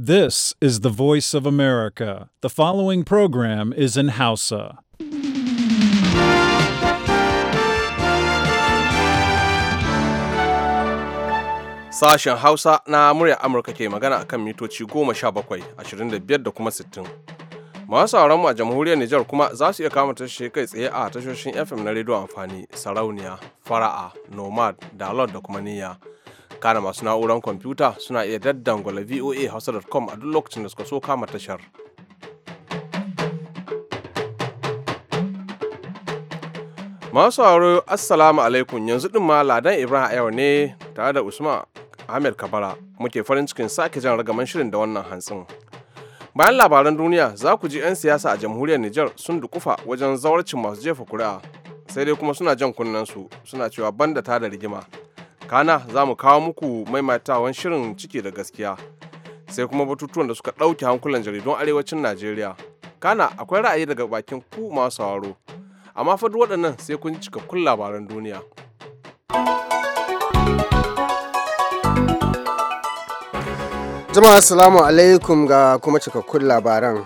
This is the voice of America. The following program is in Hausa. Sashen Hausa na murya Amurka ke magana kan mitoci goma sha bakwai, ashirin da biyar da kuma sittin. Masu sauranmu a jamhuriyar Nijar kuma za su iya kama tashi kai tsaye a tashoshin FM na rediyo amfani, sarauniya, fara'a, nomad, dalot da kuma niyya. kana masu na'urar kwamfuta suna iya daddangwala voa hausa.com a duk lokacin da suka so kama tashar masu sauraro assalamu alaikum yanzu din ma ladan ibrahim yau ne tare da usman ahmed kabara muke farin cikin sake jan ragaman shirin da wannan hantsin bayan labaran duniya za ku ji 'yan siyasa a jamhuriyar niger sun dukufa wajen zawarcin masu jefa kuri'a sai dai kuma suna jan kunnen su suna cewa banda ta da rigima kana za mu kawo muku maimaitawan shirin ciki da gaskiya sai kuma batutuwan da suka ɗauke hankulan jaridun arewacin najeriya kana akwai ra'ayi daga bakin ku masu sauraro amma fa duk waɗannan sai kun ji cikakkun labaran duniya jama'a assalamu alaikum ga kuma cikakkun labaran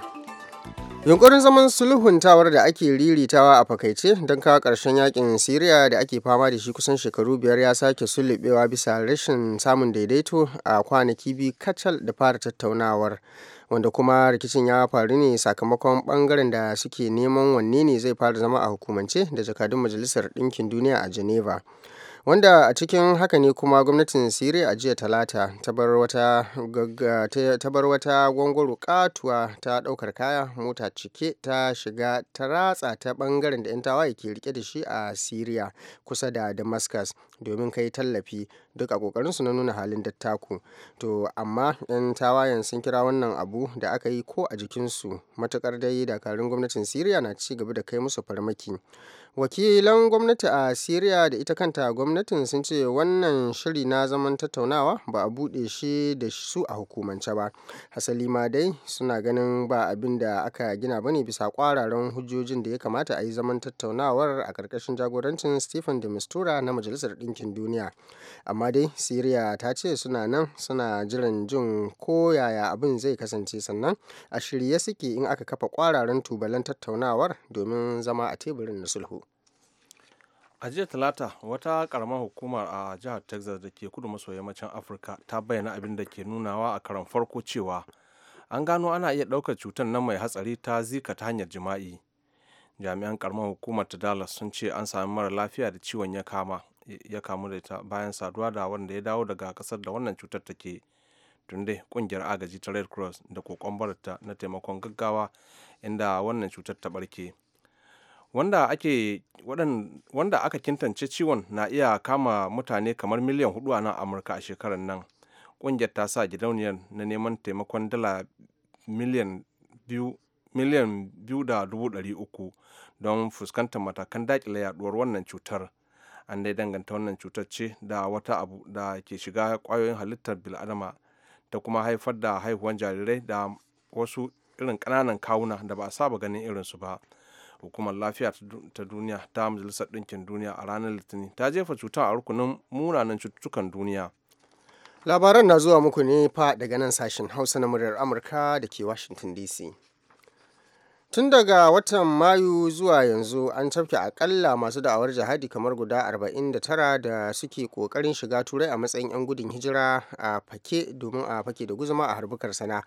yunkurin zaman sulhuntawar da ake riritawa a fakaice don kawo ƙarshen yakin siriya da ake fama da shi kusan shekaru biyar ya sake sulubewa bisa rashin samun daidaito a kwanaki biyu kacal da fara tattaunawar wanda kuma rikicin ya faru ne sakamakon bangaren da suke neman wanne ne zai fara zama a hukumance da jakadun majalisar ɗinkin duniya a geneva wanda a cikin haka ne kuma gwamnatin siriya a jiya talata ta bar wata gwangwaro katuwa ta daukar kaya mota cike ta shiga ta ratsa ta bangaren da 'yan tawaye ke rike da shi a siriya kusa da damascus domin kai tallafi duk a su na nuna halin dattaku to amma 'yan tawayen sun kira wannan abu da aka yi ko a jikinsu matukar dai dakarun gwamnatin siriya na ci gaba da kai musu farmaki wakilan gwamnati a syria da ita kanta gwamnatin sun ce wannan shiri na zaman tattaunawa ba a buɗe shi da su a hukumance ba hasali ma dai suna ganin ba abin da aka gina bane bisa kwararen hujjojin da ya kamata a yi zaman tattaunawar a ƙarƙashin jagorancin stephen de mistura na majalisar ɗinkin duniya amma dai syria ta ce suna nan suna jiran jin ko yaya abin zai kasance sannan a shirye suke in aka kafa kwararen tubalan tattaunawar domin zama a teburin na sulhu a jiya talata wata karamar hukumar a jihar texas da ke kudu maso yammacin afirka ta bayyana abin da ke nunawa a karan farko cewa an gano ana iya ɗaukar cutar nan mai hatsari ta zika ta hanyar jima'i jami'an karamar hukumar ta dallas sun ce an sami mara lafiya da ciwon ya kama ya kamu da ita bayan saduwa da wanda ya dawo daga kasar da wannan cutar take tunde kungiyar agaji ta red cross da kokon barata na taimakon gaggawa inda wannan cutar ta barke wanda ake wanda aka kintance ciwon na iya kama mutane kamar miliyan hudu a nan amurka a shekarar nan kungiyar ta sa gidauniyar na neman taimakon dala miliyan biyu miliyan da dubu dari uku don fuskantar matakan daƙile yaduwar wannan cutar an dai danganta wannan cutar ce da wata abu da ke shiga kwayoyin halittar bil'adama ta kuma haifar da haihuwan jarirai da wasu irin kananan kawuna da ba a saba ganin irinsu ba hukumar lafiya ta duniya ta majalisar ɗinkin duniya a ranar litinin ta jefa cuta a rukunin munanan cututtukan duniya labaran na zuwa muku ne fa daga nan sashen hausa na muryar amurka da ke washington dc Tun daga watan Mayu zuwa yanzu an cafke akalla masu da'awar jihadi kamar guda 49 da suke kokarin shiga Turai a matsayin 'yan gudun hijira a fake domin a fake da guzuma a harbukar sana.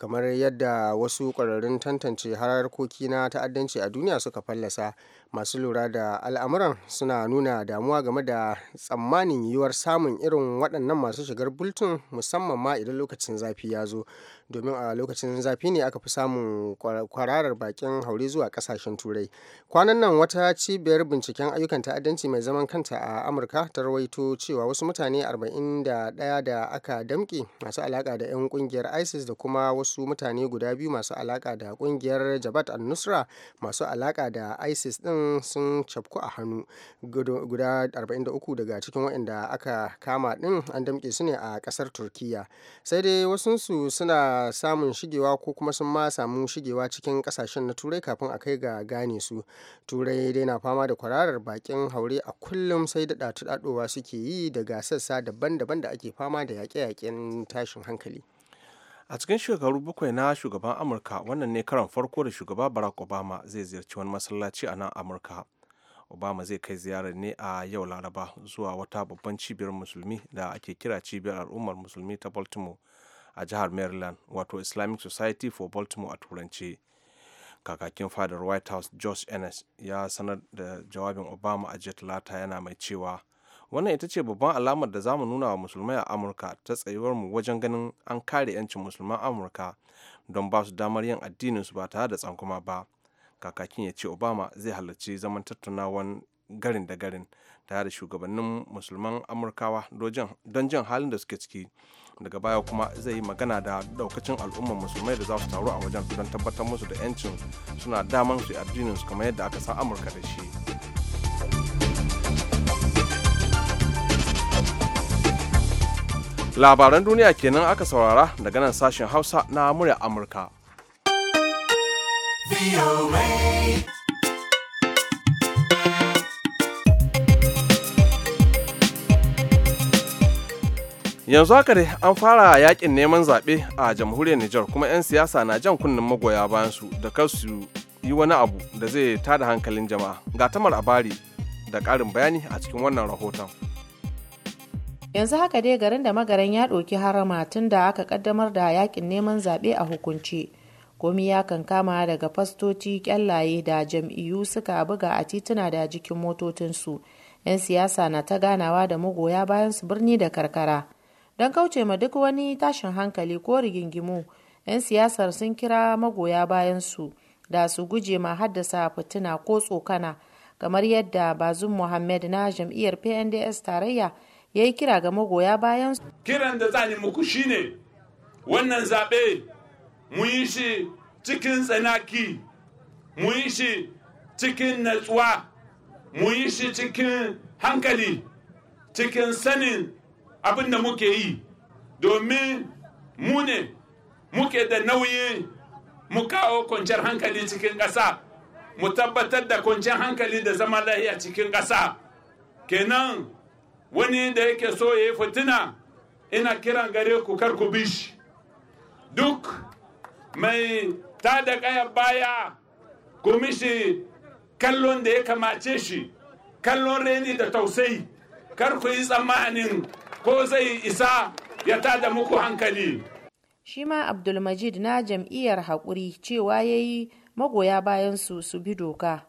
kamar yadda wasu ƙwararrun tantance harkoki na ta'addanci a duniya suka fallasa masu lura da al'amuran suna nuna damuwa game da tsammanin yiwuwar samun irin waɗannan masu shigar bultun musamman ma idan lokacin zafi ya zo domin a lokacin zafi ne aka fi samun kwararar bakin hauri zuwa kasashen turai kwanan nan wata cibiyar binciken ayyukan ta'addanci mai zaman kanta a amurka ta rawaito cewa wasu mutane 41 da aka damƙe masu alaka da 'yan kungiyar isis da kuma wasu mutane guda biyu masu alaka da ƙungiyar jabat al-nusra masu alaƙa da isis din sun cafku a hannu guda 43 daga cikin waɗanda aka kama din an damƙe su ne a ƙasar turkiya sai dai wasunsu suna a samun shigewa ko kuma sun ma samu shigewa cikin kasashen na turai kafin a kai ga gane su turai dai na fama da kwararar bakin haure a kullum sai da tuɗaɗowa suke yi daga sassa daban-daban da ake fama da yaƙe-yaƙen tashin hankali a cikin shekaru bakwai na shugaban amurka wannan ne karan farko da shugaba barack obama zai ziyarci wani masallaci a nan amurka obama zai kai ziyarar ne a yau laraba zuwa wata babban cibiyar musulmi da ake kira cibiyar al'ummar musulmi ta baltimore a jihar maryland wato islamic society for baltimore a turance kakakin fadar white house george ennis ya sanar da jawabin obama a jiya talata yana mai cewa wannan ita ce babban alamar da zamu nuna wa musulmai a amurka ta tsayuwar mu wajen ganin an kare 'yancin musulman amurka don ba su damar yin addininsu ba tare da tsankuma ba kakakin ya ce obama zai halarci zaman tattaunawan garin da garin tare da shugabannin musulman amurkawa don jan halin da suke ciki daga baya kuma zai yi magana da daukacin al'ummar musulmai da za su taru a wajen don tabbatar musu da 'yancin suna daman su addinin su kamar yadda aka san amurka da shi labaran duniya kenan aka saurara daga nan sashen hausa na murya amurka yanzu haka dai an fara yakin neman zaɓe a jamhuriyar Nijar kuma 'yan siyasa na jan kunnen magoya bayan su da kar su yi wani abu da zai tada hankalin jama'a ga tamar abari da ƙarin bayani a cikin wannan rahoton. yanzu haka dai garin da magaran ya ɗauki harama tun da aka ƙaddamar da yakin neman zaɓe a hukunce komi ya kankama daga fastoci kyallaye da jam'iyyu suka buga a tituna da jikin motocinsu 'yan siyasa na ta ganawa da magoya bayan su birni da karkara don kauce ma duk wani tashin hankali ko rigingimu 'yan siyasar sun kira magoya bayansu da su guje ma haddasa fitina ko tsokana kamar yadda bazum muhammed na jam'iyyar pnds tarayya ya yi kira ga magoya bayan kiran da za muku shine wannan zaɓe mu yi shi cikin tsanaki mu yi shi cikin natsuwa mu yi shi cikin hankali cikin sanin abin da muke yi domin mu ne muke da nauyi mu kawo kwanciyar hankali cikin ƙasa mu tabbatar da kwanciyar hankali da zama lahiya cikin ƙasa kenan wani da yake so ya yi fitina ina kiran gare ku kar ku bi shi duk mai ta da ƙaya baya ku mishi kallon da ya kamace shi kallon reni da tausayi kar ku yi tsammanin ko zai isa ya tada muku hankali. Shi ma Abdulmajid na jam'iyyar haƙuri cewa ya yi magoya bayan su su bi doka.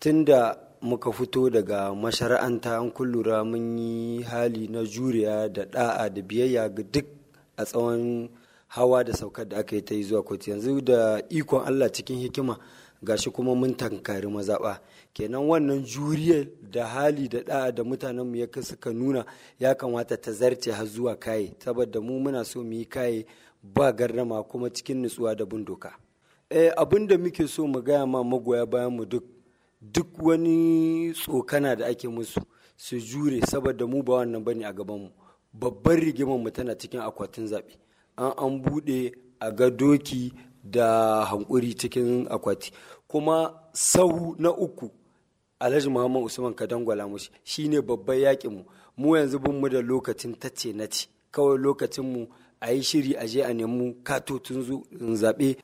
Tunda muka fito daga mashara'anta an kullura mun yi hali na juriya da da'a da biyayya ga duk a tsawon hawa da saukar da aka yi ta yi zuwa kotu yanzu da ikon Allah cikin hikima gashi kuma mun tankari mazaɓa. kenan wannan juriyar da hali da da'a da mutanenmu ya kai suka nuna ya kamata ta zarce har zuwa kaye saboda mu muna so mu yi kaye ba garrama kuma cikin nutsuwa da bin doka eh, abin da muke so mu gaya ma magoya bayan mu duk duk wani tsokana da ake musu su jure saboda mu ba wannan bane a gaban mu babban rigimar mu tana cikin akwatin zaɓe an an buɗe a ga doki da hankuri cikin akwati kuma sau na uku alhaji muhammad usman ka dangwala mushi shine babban yakin mu mu yanzu bin mu da lokacin tace na ci kawai lokacin mu a yi shiri a je a nemi katotun zaɓe.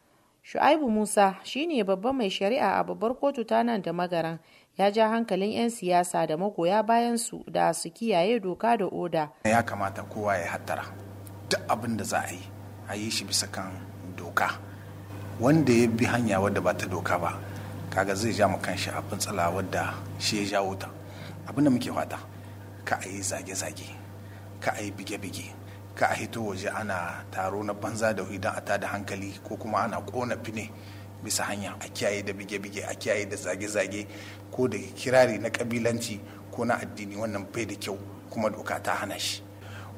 shu'aibu musa shine babban mai shari'a a babbar kotu ta nan da magaran ya ja hankalin 'yan siyasa da magoya bayan su da su kiyaye doka da oda ya kamata kowa ya hattara duk abin da za a yi a yi shi bisa kan doka wanda ya bi hanya wadda ba ta doka ba kaga zai ja kan shi abin tsala wadda shi ya jawo ta abin da muke fata ka a yi zage-zage ka a yi bige-bige ka a hito waje ana taro na banza da idan a da hankali ko kuma ana kona fine bisa hanya a kiyaye da bige-bige a kiyaye da zage-zage ko da kirari na kabilanci ko na addini wannan bai da kyau kuma doka ta hana shi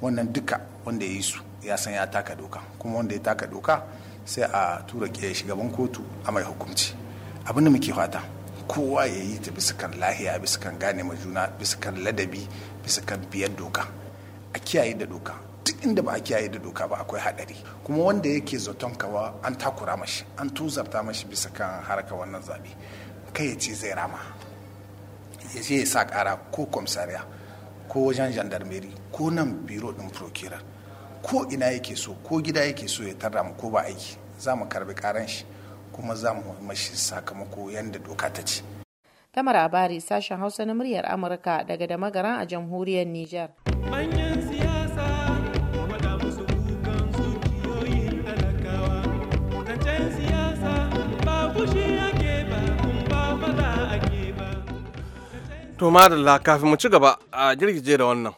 wannan duka wanda ya yi su ya san ya taka doka kuma wanda ya taka doka sai a tura ke gaban kotu a mai hukunci abin da muke fata kowa ya yi ta bisa kan lahiya bisa kan gane ma juna bisa kan ladabi bisa kan biyar doka a kiyaye da doka duk inda ba a kiyaye da doka ba akwai hadari kuma wanda yake zaton kawa an takura mashi an tuzarta mashi bisa kan harka wannan zabe kai ya ce zai rama ya ce ya sa kara ko komisariya ko wajen Jandarmeri ko nan biro din prokira ko ina yake so ko gida yake so ya tarra mu ko ba aiki za mu karbi karan shi kuma za mu mashi sakamako yadda doka ta ce. Tamar Abari sashen Hausa na muryar Amurka daga da a jamhuriyar Nijar. Manyan siyasa To madalla kafin mu ci gaba a girgije da wannan.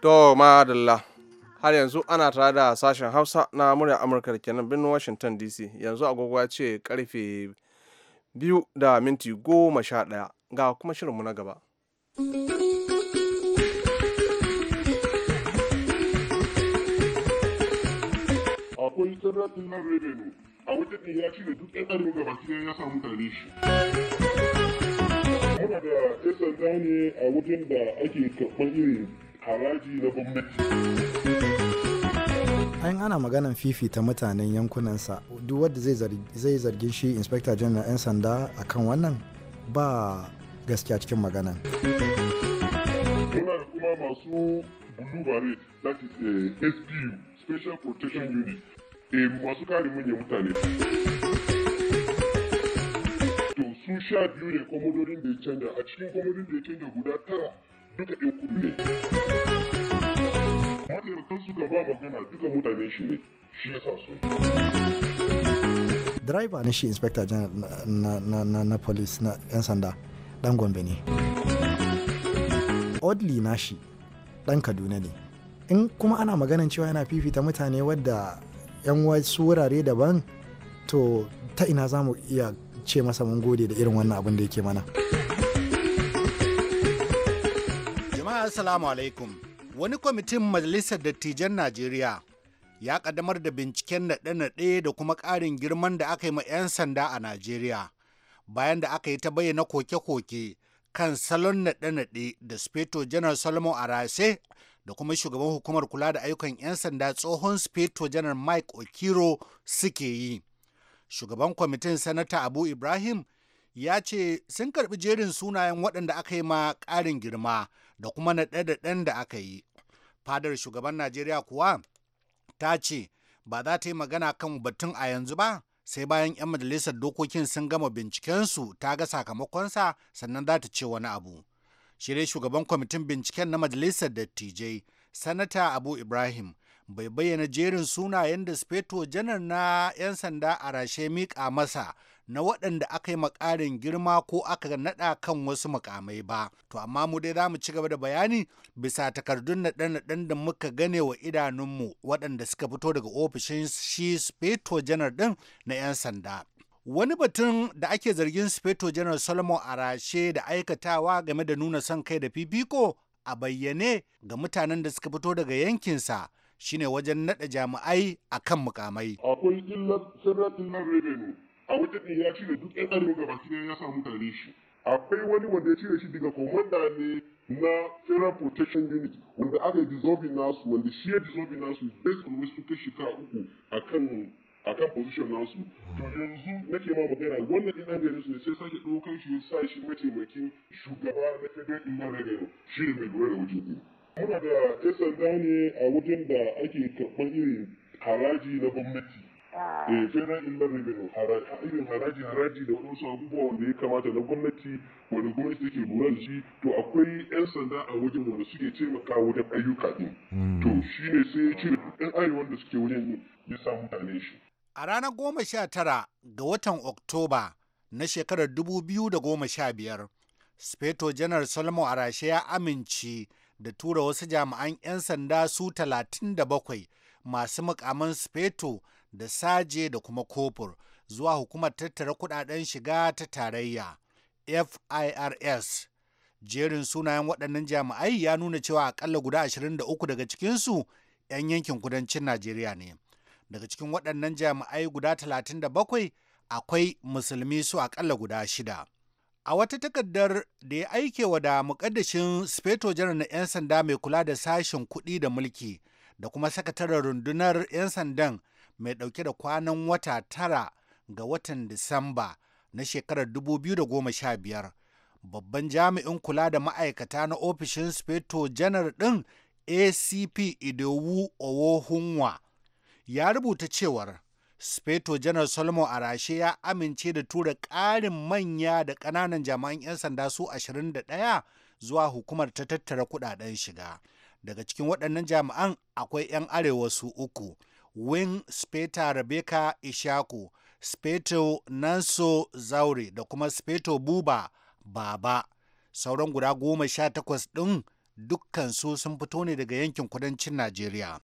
To madalla har yanzu ana tare da sashen Hausa na murya Amurka da kenan birnin Washington DC yanzu agogo ce karfe biyu da minti goma sha ɗaya ga kuma shirinmu na gaba. Akwai sarrafin na rediyo. a wajen da ya cire duk ɗan ɗan gaba sai ya samu tare shi. Muna da 'yan sanda ne a wajen da ake karɓar irin haraji na gwamnati an ana maganan fifita mutanen yankunansa duk wanda zai zargin shi inspector general 'yan sanda kan wannan ba gaskiya cikin maganan muna da kuma masu blue beret that is a eh, spu special protection unit eh, masu kare manyan mutane to sun sha biyu ne komodorin da ya canja a cikin komodorin da ya canja guda tara ba Driver ne shi inspector na, na, na, na police na 'yan sanda dan Gombe ne. Oddly na shi dan Kaduna ne. In kuma ana maganan cewa yana fifita mutane wadda 'yan wasu wurare daban to ta ina za mu iya ce masa mun gode da irin wannan abin da yake mana. Assalamu alaikum. Wani kwamitin Majalisar Dattijan Najeriya ya kaddamar da binciken naɗe-naɗe da kuma ƙarin girman da aka yi ma 'yan sanda a Najeriya bayan da aka yi ta bayyana koke-koke kan salon naɗe-naɗe da Speto Janar Solomon Arase da kuma shugaban hukumar kula da ayyukan 'yan sanda tsohon Speto Janar Mike Okiro suke yi. Shugaban kwamitin Sanata Abu Ibrahim ya ce sun karɓi jerin sunayen waɗanda aka yi ma ƙarin girma. da kuma na daɗen da aka yi fadar shugaban najeriya kuwa ta ce ba za ta yi magana kan batun a yanzu ba sai bayan 'yan majalisar dokokin sun gama bincikensu ta ga sakamakonsa sannan za ta ce wani abu shirye shugaban kwamitin binciken na majalisar dattijai sanata abu ibrahim bai bayyana jerin sunayen da speto janar na 'yan sanda a rashe miƙa masa na waɗanda aka yi makarin girma ko aka naɗa kan wasu makamai ba. To amma mu dai zamu mu ci gaba da bayani bisa takardun naɗe-naɗen da muka gane wa idanunmu waɗanda suka fito daga ofishin shi Speto Janar ɗin na 'yan sanda. Wani batun da ake zargin Speto Janar Solomon Arashe da aikatawa game da nuna son kai da fifiko a bayyane ga mutanen da suka fito daga yankinsa shine wajen naɗa jami'ai a kan mukamai. Akwai illar sarrafin nan redenu a wajen ne ya cire duk 'yan arewa gaba ya samu tare shi. Akwai wani wanda ya cire shi daga komanda ne na Federal Protection Unit wanda aka yi dissolving nasu wanda shi ya dissolving nasu based on wasu shi kawo uku a kan a kan position nasu to yanzu nake ma magana wannan din an su ne sai sake ɗaukar shi ya sa shi mataimakin shugaba na federal inland revenue shi ne mai lura da wajen Muna da ‘yan sanda ne a wajen da ake karɓar irin haraji na gwamnati. Ah. Eh, federal inland revenue irin haraji haraji da wasu abubuwa wanda ya kamata na gwamnati wanda gwamnati take lura da shi to akwai 'yan sanda a wajen wanda suke taimaka wajen ayyuka din. Hmm. To shi ne sai ya cire 'yan arewan da suke wajen ya sa mutane shi. A ranar goma sha tara ga watan Oktoba na shekarar dubu biyu da goma sha biyar, Speto Janar salmo Arashe ya amince da tura wasu jami'an 'yan sanda su 37 masu mukamin speto da saje da kuma kofur zuwa hukumar tattara kudaden shiga ta tarayya firs jerin sunayen waɗannan jami'ai ya nuna cewa akalla guda 23 daga cikinsu 'yan yankin kudancin najeriya ne daga cikin waɗannan jami'ai guda 37 akwai musulmi su akalla guda shida. A wata takardar da ya aike wa da mukaddashin Speto janar na 'yan sanda mai kula da sashen kuɗi da mulki da kuma sakataren rundunar 'yan sandan mai ɗauke da kwanan wata tara ga watan Disamba na shekarar 2015. Babban jami'in kula da ma'aikata na ofishin Speto janar ɗin ACP Idowu Owohunwa ya rubuta cewar speto janar solomon arashe ya amince da tura ƙarin manya da ƙananan jami'an 'yan sanda su 21 zuwa hukumar ta tattara kudaden shiga daga cikin waɗannan jami'an akwai 'yan arewa su uku wing speta rebecca ishaku speto nanso Zauri; da kuma speto buba baba sauran guda goma sha takwas ɗin dukkan su sun fito ne daga yankin kudancin najeriya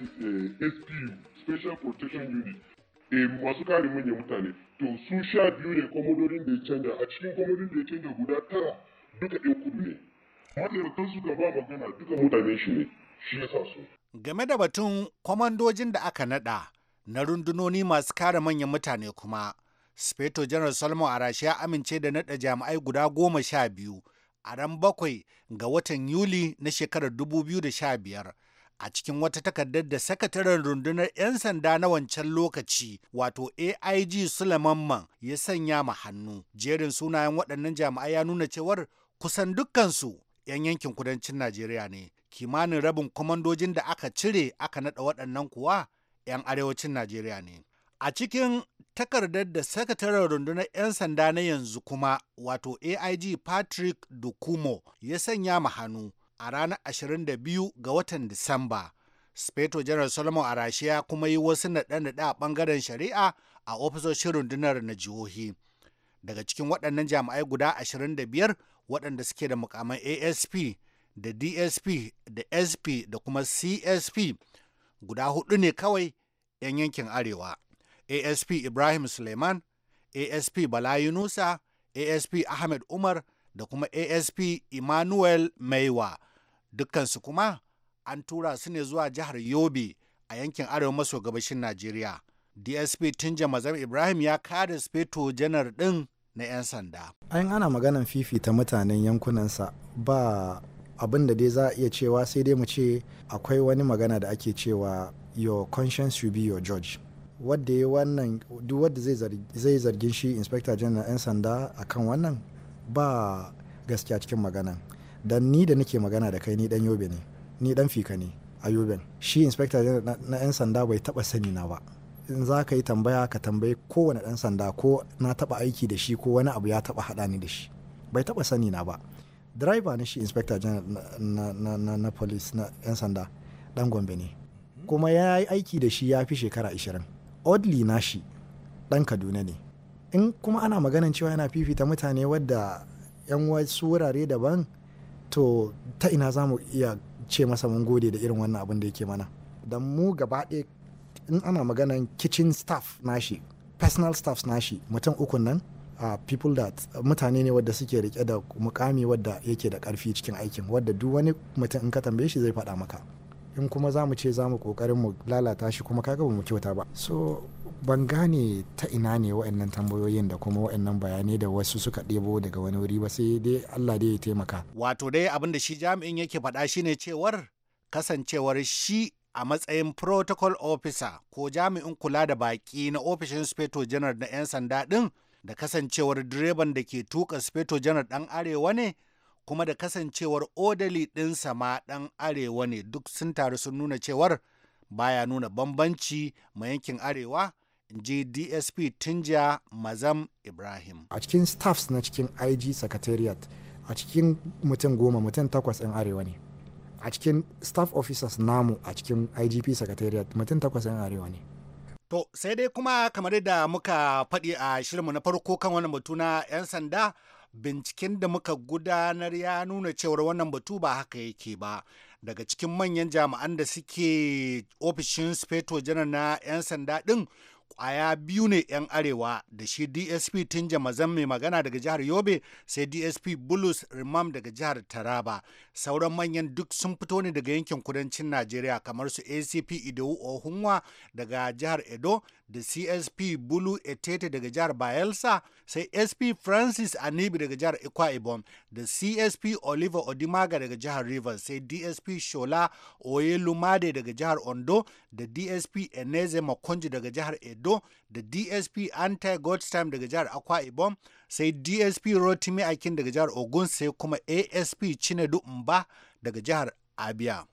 that eh, SPU Special Protection Unit eh, masu kare manyan mutane to su sha biyu ne komodorin da ya canja a cikin komodorin da ya canja guda tara duka ɗaya kudu ne mataimakan su ba magana duka mutane shi ne shi ya sa su. game da batun kwamandojin da aka nada na rundunoni masu kare manyan mutane kuma speto general solomon arashi ya amince da nada jami'ai guda goma sha biyu a ran bakwai ga watan yuli na shekarar 2015 a cikin wata takardar da sakataren rundunar 'yan sanda na wancan lokaci wato aig sulamanman ya sanya ma hannu jerin sunayen waɗannan jami'ai ya nuna cewar kusan dukkansu 'yan yankin kudancin najeriya ne kimanin rabin kwamandojin da aka cire aka naɗa waɗannan kuwa 'yan arewacin najeriya ne a cikin takardar da sakataren rundunar 'yan sanda na yanzu kuma wato aig patrick dukumo ya sanya ma hannu a ranar 22 ga watan Disamba. Speto General Solomon Arashi ya kuma yi wasu naɗe-naɗe a ɓangaren shari'a a ofisoshin rundunar na jihohi. Daga cikin waɗannan jami'ai guda 25 waɗanda suke da mukaman ASP da DSP da SP da kuma CSP guda hudu ne kawai 'yan yankin Arewa. ASP Ibrahim Suleiman, ASP Bala Yunusa, ASP Ahmed Umar da kuma asp emmanuel maiwa dukansu kuma an tura su ne zuwa jihar yobe a yankin arewa maso gabashin najeriya dsp tunja mazam ibrahim ya kare speto janar din na 'yan sanda an ana maganan fifita mutanen yankunansa ba abin da dai za a iya cewa sai dai mu ce akwai wani magana da ake cewa your conscience should be your judge wadda ya wannan duk wadda zai zargin shi inspector general 'yan sanda akan wannan ba gaskiya cikin magana da ni da nake magana da kai ni dan yobe ne ni dan fika ne a yoben shi inspector na 'yan sanda bai taba sani na ba in za ka yi tambaya ka tambayi kowane dan sanda ko na taba aiki da shi ko wani abu ya taba haɗa ni da shi bai taba sani na ba driver na shi inspector general na, na, na, police na 'yan sanda dan gombe ne kuma ya yi aiki da shi ya fi shekara 20 oddly na shi dan kaduna ne in kuma ana maganan cewa yana fifita mutane wadda yan wasu wurare daban to ta ina za mu iya ce masa mun gode da irin wannan abin da yake mana da mu gaba in ana maganan kitchen staff nashi personal staff nashi mutum ukun nan uh, people that mutane ne wadda suke rike da mukami wadda yake da karfi cikin aikin wadda duk wani mutum in ka tambaye shi zai faɗa maka in kuma za mu ce za mu kokarin mu lalata shi kuma kaga ba mu kyauta ba so ban gane ta ina ne wa'annan tambayoyin da kuma wa'annan bayanai da wasu suka ɗebo daga wani wuri ba sai dai Allah dai ya taimaka. Wato dai abin da shi jami'in yake faɗa shi ne cewar kasancewar shi a matsayin protocol officer ko jami'in kula da baƙi na ofishin speto janar na 'yan sanda ɗin da kasancewar direban da ke tuka speto janar ɗan arewa ne kuma da kasancewar odali ɗinsa ma ɗan arewa ne duk sun taru sun nuna cewar baya nuna bambanci ma yankin arewa in ji dsp tunja mazam ibrahim a cikin staffs na cikin ig secretariat a cikin mutum goma mutum takwas 'yan arewa ne a cikin staff officers namu a cikin igp secretariat mutum takwas 'yan arewa ne to sai dai kuma kamar da muka faɗi a shirinmu na farko kan wannan batu na 'yan sanda binciken da muka gudanar ya nuna cewar wannan batu ba haka yake ba daga cikin manyan jami'an da suke ofishin speto janar na 'yan sanda din. kwaya biyu ne 'yan arewa da shi dsp tinja mazan mai magana daga jihar yobe sai dsp bulus rimam daga jihar taraba sauran manyan duk sun fito ne daga yankin kudancin najeriya kamar su acp idowu ohunwa daga jihar edo da CSP Bulu Etete daga jihar Bayelsa, sai SP Francis Anibi daga jihar Ikwa Ibom, da CSP Oliver Odimaga daga jihar Rivers, sai DSP Shola Oyelumade daga jihar Ondo, da DSP Eneze Makonji daga jihar Edo, da DSP Anti Godstime daga jihar Akwa Ibom, sai DSP Rotimi Akin daga jihar Ogun, sai kuma ASP Chinedu Mba daga jihar Abia.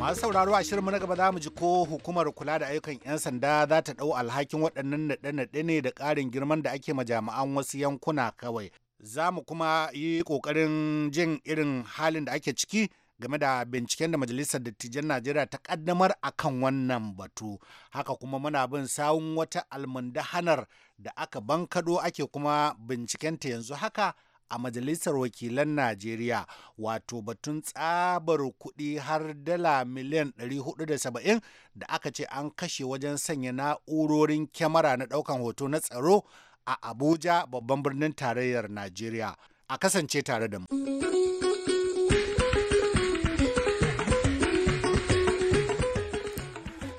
masu sauraro a shirinmu na gaba za mu ji ko hukumar kula da ayyukan 'yan sanda za ta ɗau alhakin waɗannan naɗe-naɗe ne da ƙarin girman da ake ma jami'an wasu yankuna kawai za mu kuma yi ƙoƙarin jin irin halin da ake ciki game da binciken da majalisar dattijan najeriya ta ƙaddamar a kan wannan batu haka kuma muna bin sawun wata almundahanar da aka bankado ake kuma bincikenta yanzu haka a Majalisar Wakilan Najeriya wato batun tsabar kuɗi har dala miliyan 470 da aka ce an kashe wajen sanya na'urorin kyamara na ɗaukan hoto na tsaro a Abuja babban birnin tarayyar Najeriya. A kasance tare da mu.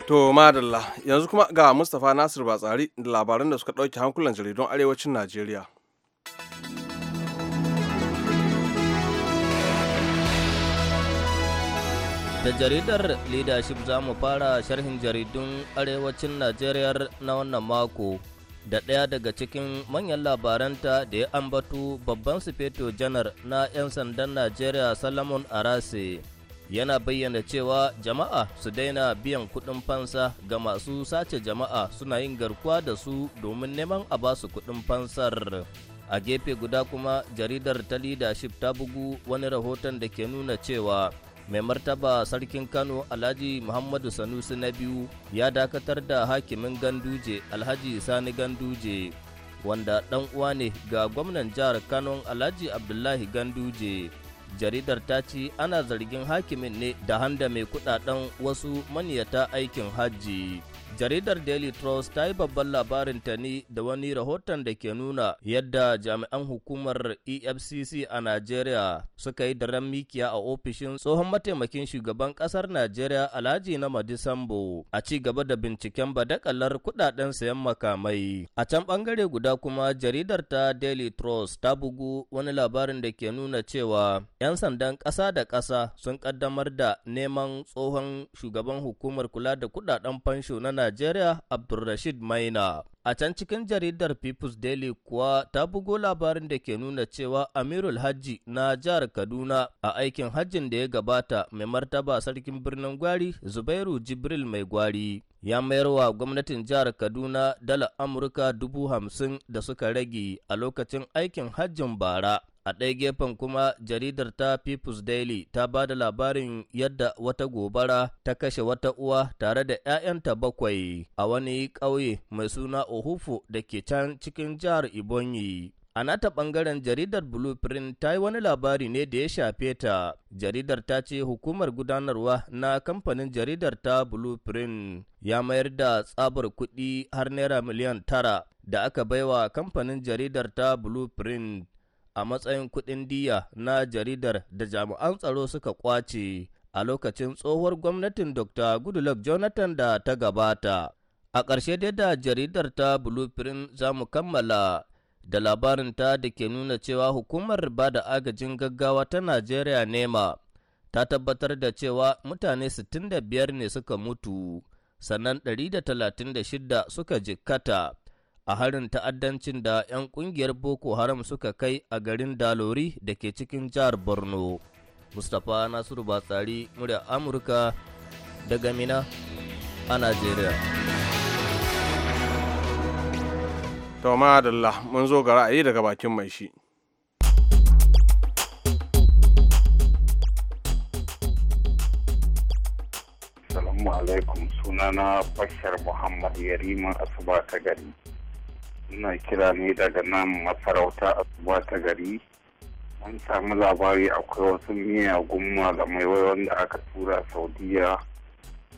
To madalla yanzu kuma ga Mustapha Nasir Batsari da labaran da suka ɗauke hankulan jaridun arewacin Najeriya. Da jaridar leadership za mu fara sharhin jaridun arewacin Najeriya na wannan mako. Da ɗaya daga cikin manyan labaranta da ya ambatu babban sufeto janar na 'yan sandan Najeriya Salamun Arase yana bayyana cewa jama'a su daina biyan kuɗin fansa ga masu sace jama'a suna yin garkuwa da su domin neman a basu kuɗin fansar. A gefe guda kuma jaridar ta leadership ta bugu wani rahoton da ke nuna cewa mai martaba sarkin kano alhaji muhammadu sanusi na biyu ya dakatar da hakimin ganduje alhaji sani ganduje wanda ɗan uwa ne ga gwamnan jihar kano alhaji abdullahi ganduje jaridar ta ce ana zargin hakimin ne da handa mai kudaden wasu maniyata aikin hajji Jaridar Daily Trust ta yi babban labarin ta ne da wani rahoton da ke nuna yadda jami'an hukumar EFCC a Najeriya suka yi daren mikiya a ofishin tsohon mataimakin shugaban ƙasar Najeriya Alhaji na Madisambo a ci gaba da binciken badakalar kudaden sayan makamai. A can bangare guda kuma jaridar ta Daily Trust ta bugu wani labarin da ke nuna cewa 'yan sandan ƙasa da ƙasa sun ƙaddamar da neman tsohon shugaban hukumar kula da kudaden fansho na Najeriya Abdulrashid Maina. A can cikin jaridar People's Daily kuwa ta bugo labarin da ke nuna cewa Amirul Hajji na jihar Kaduna a aikin hajjin da ya gabata mai martaba sarkin birnin Gwari Zubairu Jibril Mai Gwari. Ya mayar wa gwamnatin jihar Kaduna dala Amurka dubu hamsin da suka rage a lokacin aikin hajjin bara. A ɗaya gefen kuma jaridar ta People's Daily ta ba da labarin yadda wata gobara ta kashe wata uwa tare da 'ya'yanta bakwai a wani ƙauye mai suna Ohufu da ke can cikin jihar Ibonyi. A nata ɓangaren jaridar Blueprint ta yi wani labari ne da ya shafe ta. Jaridar ta ce hukumar gudanarwa na kamfanin jaridar ta Blueprint ya mayar da tsabar kuɗi har naira miliyan tara da aka baiwa kamfanin jaridar ta Blueprint a matsayin kuɗin diya na jaridar da jami'an tsaro suka kwace a lokacin tsohuwar gwamnatin Dr. Goodluck Jonathan da ta gabata. A ƙarshe dai da jaridar ta Blueprint za mu kammala da labarin ta da ke nuna cewa hukumar ba da agajin gaggawa ta Najeriya nema ta tabbatar da cewa mutane 65 ne suka mutu sannan 136 suka jikkata. a harin ta'addancin da 'yan kungiyar Boko Haram suka kai a garin Dalori da ke cikin jihar Borno. Mustapha Nasiru Batsari, murya Amurka daga Mina a nigeria. Toma Adalla, mun zo ga ra'ayi daga bakin mai shi. Assalamu alaikum sunana Bashar Muhammad Yarima Asuba ta gari. ina kira ne daga nan a asuba ta gari an samu labari akwai wasu miyagun malamai wanda aka tura saudiya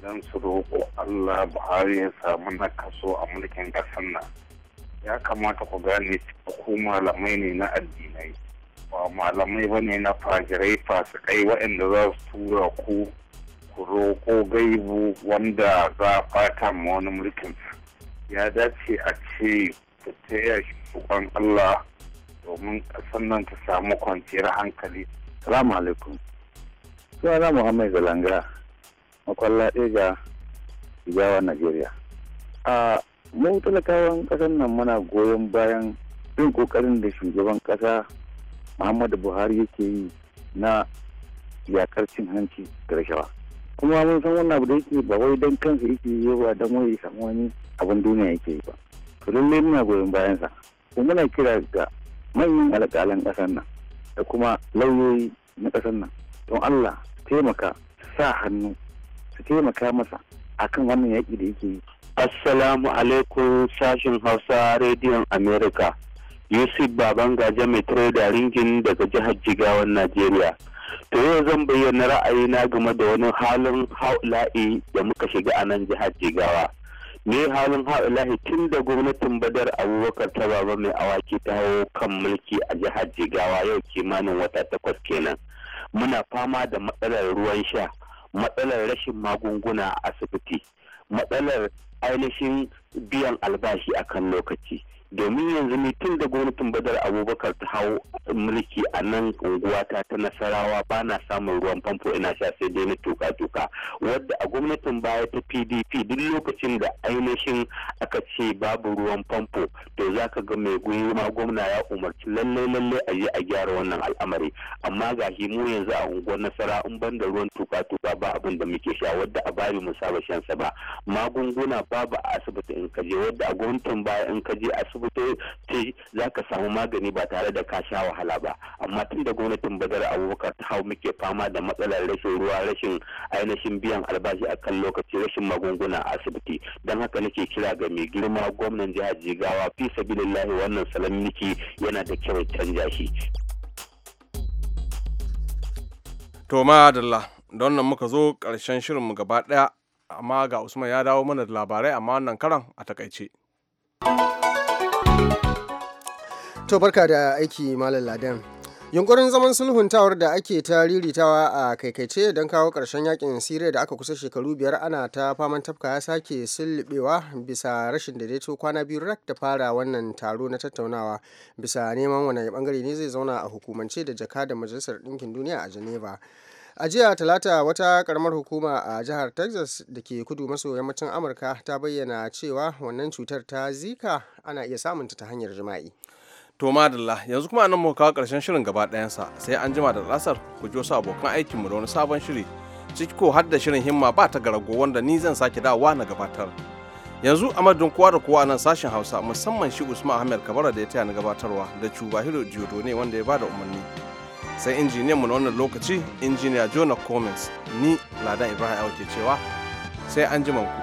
don su roƙo allah buhari ya samu na kaso a mulkin ƙasar nan ya kamata ku gane ko malamai ne na addinai ba malamai ba ne na fajirai fasikai waɗanda za su tura ku ku roƙo gaibu wanda za a fata ma wani mulkin ya dace a ce ta taya shi Allah domin a nan ta samu kwanciyar hankali. Salamu alaikum. Suna Muhammad Zalanga, makwalla ɗaya Jigawa, Najeriya. A mu talakawan ƙasar nan muna goyon bayan bin ƙoƙarin da shugaban ƙasa Muhammadu Buhari yake yi na yakar cin hanci da rashawa. Kuma mun san wannan abu da yake ba wai don kansa yake yi ba don wai ya samu wani abin duniya yake yi ba. to muna goyon bayansa ko muna kira ga manyan alƙalan ƙasar nan da kuma lauyoyi na ƙasar nan don allah taimaka sa hannu su taimaka masa akan wannan yaƙi da yake yi assalamu alaikum sashen hausa rediyon america yusuf baban gaja mai da ringin daga jihar jigawan najeriya to yau zan bayyana ra'ayina game da wani halin haula'i da muka shiga a nan jihar jigawa ne halin lahi tun da gwamnatin badar abubakar ta baba mai awaki ta hau kan mulki a jihar jigawa yau kimanin wata takwas kenan muna fama da matsalar ruwan sha matsalar rashin magunguna a asibiti matsalar ainihin biyan albashi akan lokaci domin yanzu ne tun da gwamnatin badar abubakar ta hau mulki a nan unguwata ta nasarawa ba na samun ruwan famfo ina sha sai dai na tuka-tuka wadda a gwamnatin baya ta pdp duk lokacin da ainihin aka ce babu ruwan famfo to za ka ga mai gwiwa ma gwamna ya umarci lallai lallai a yi a gyara wannan al'amari amma ga mu yanzu a unguwar nasara in ban da ruwan tuka-tuka ba abin da muke sha wadda a bari mu saba shansa ba magunguna babu a asibiti in kaje wadda a gwamnatin baya in kaje asibiti asibitoci za ka samu magani ba tare da ka sha wahala ba amma tun da gwamnatin badar abubakar ta hau muke fama da matsalar rashin ruwa rashin ainihin biyan albashi a kan lokaci rashin magunguna a asibiti don haka nake kira ga mai girma gwamnan jihar jigawa fi sabilillahi wannan salon niki yana da kyau canja shi. to ma adalla da wannan muka zo karshen shirin mu gaba ɗaya amma ga usman ya dawo mana da labarai amma wannan karan a takaice. To barka da aiki Malam yunƙurin Yunkurin zaman sulhuntawar da ake ta riritawa a kaikaice don kawo ƙarshen yakin Siriya da aka kusa shekaru biyar ana ta faman tafka ya sake sullubewa bisa rashin daidaito kwana biyu rak da fara wannan taro na tattaunawa bisa neman wani bangare ne zai zauna a hukumance da jaka da majalisar ɗinkin duniya a Geneva. a jiya talata wata karamar hukuma a jihar texas da ke kudu maso yammacin amurka ta bayyana cewa wannan cutar ta zika ana iya samunta ta hanyar jima'i To madalla yanzu kuma nan muka kawo ƙarshen shirin gaba ɗayansa sai an jima da lasar ku ji wasu abokan aikinmu da wani sabon shiri ciki ko har da shirin himma ba ta garago wanda ni zan sake dawowa na gabatar. Yanzu a madadin kowa da kowa nan sashen Hausa musamman shi Usman Ahmed Kabara da ya taya na gabatarwa da Cubahiro jodo ne wanda ya bada umarni. Sai injiniyan mu na wannan lokaci injiniya Jonah Comins ni Ladan Ibrahim Awa ke cewa sai an jima ku.